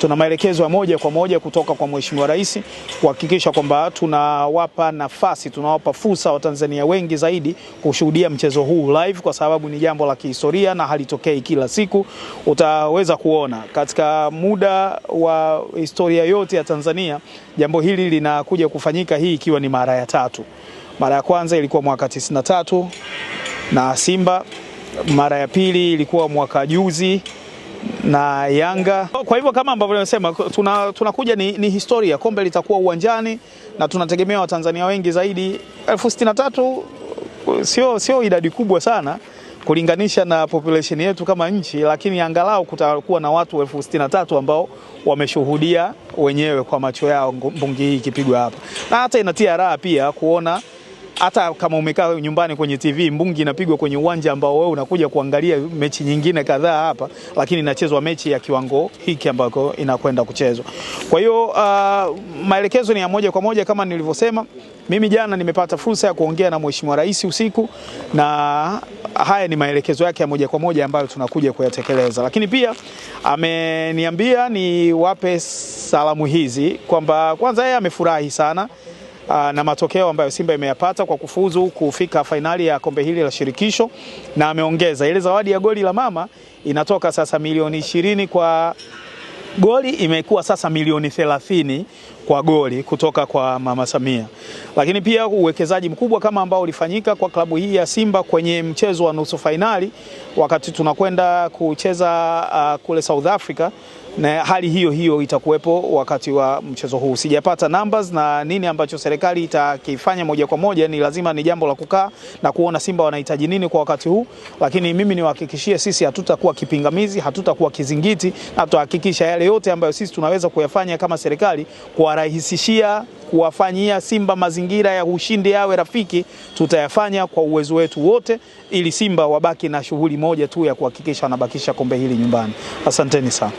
tuna maelekezo ya moja kwa moja kutoka kwa Mheshimiwa Rais kuhakikisha kwamba tunawapa nafasi, tunawapa fursa Watanzania wengi zaidi kushuhudia mchezo huu live, kwa sababu ni jambo la kihistoria na halitokei kila siku. Utaweza kuona katika muda wa historia yote ya Tanzania jambo hili linakuja kufanyika, hii ikiwa ni mara ya tatu. Mara ya kwanza ilikuwa mwaka 93 na Simba, mara ya pili ilikuwa mwaka juzi na Yanga. Kwa hivyo kama ambavyo nimesema, tunakuja tuna ni, ni historia. Kombe litakuwa uwanjani na tunategemea Watanzania wengi zaidi. elfu sitini na tatu sio sio idadi kubwa sana kulinganisha na population yetu kama nchi, lakini angalau kutakuwa na watu elfu sitini na tatu ambao wameshuhudia wenyewe kwa macho yao mbungi hii ikipigwa hapa, na hata inatia raha pia kuona hata kama umekaa nyumbani kwenye TV, mbungi inapigwa kwenye uwanja ambao wewe unakuja kuangalia mechi nyingine kadhaa hapa, lakini inachezwa mechi ya kiwango hiki ambako inakwenda kuchezwa. Kwa hiyo uh, maelekezo ni ya moja kwa moja kama nilivyosema. Mimi jana nimepata fursa ya kuongea na Mheshimiwa Rais usiku, na haya ni maelekezo yake ya moja kwa moja ambayo tunakuja kuyatekeleza, lakini pia ameniambia niwape salamu hizi kwamba kwanza yeye amefurahi sana uh, na matokeo ambayo Simba imeyapata kwa kufuzu kufika fainali ya kombe hili la shirikisho, na ameongeza ile zawadi ya goli la mama inatoka sasa milioni ishirini kwa goli imekuwa sasa milioni thelathini kwa goli kutoka kwa Mama Samia. Lakini pia uwekezaji mkubwa kama ambao ulifanyika kwa klabu hii ya Simba kwenye mchezo wa nusu fainali wakati tunakwenda kucheza uh, kule South Africa na hali hiyo hiyo itakuwepo wakati wa mchezo huu. Sijapata numbers na nini ambacho serikali itakifanya moja kwa moja, ni lazima ni jambo la kukaa na kuona Simba wanahitaji nini kwa wakati huu, lakini mimi niwahakikishie, sisi hatutakuwa kipingamizi, hatutakuwa kizingiti na tutahakikisha yale yote ambayo sisi tunaweza kuyafanya kama serikali kuwarahisishia kuwafanyia Simba mazingira ya ushindi yawe rafiki, tutayafanya kwa uwezo wetu wote, ili Simba wabaki na shughuli moja tu ya kuhakikisha wanabakisha kombe hili nyumbani. Asanteni sana.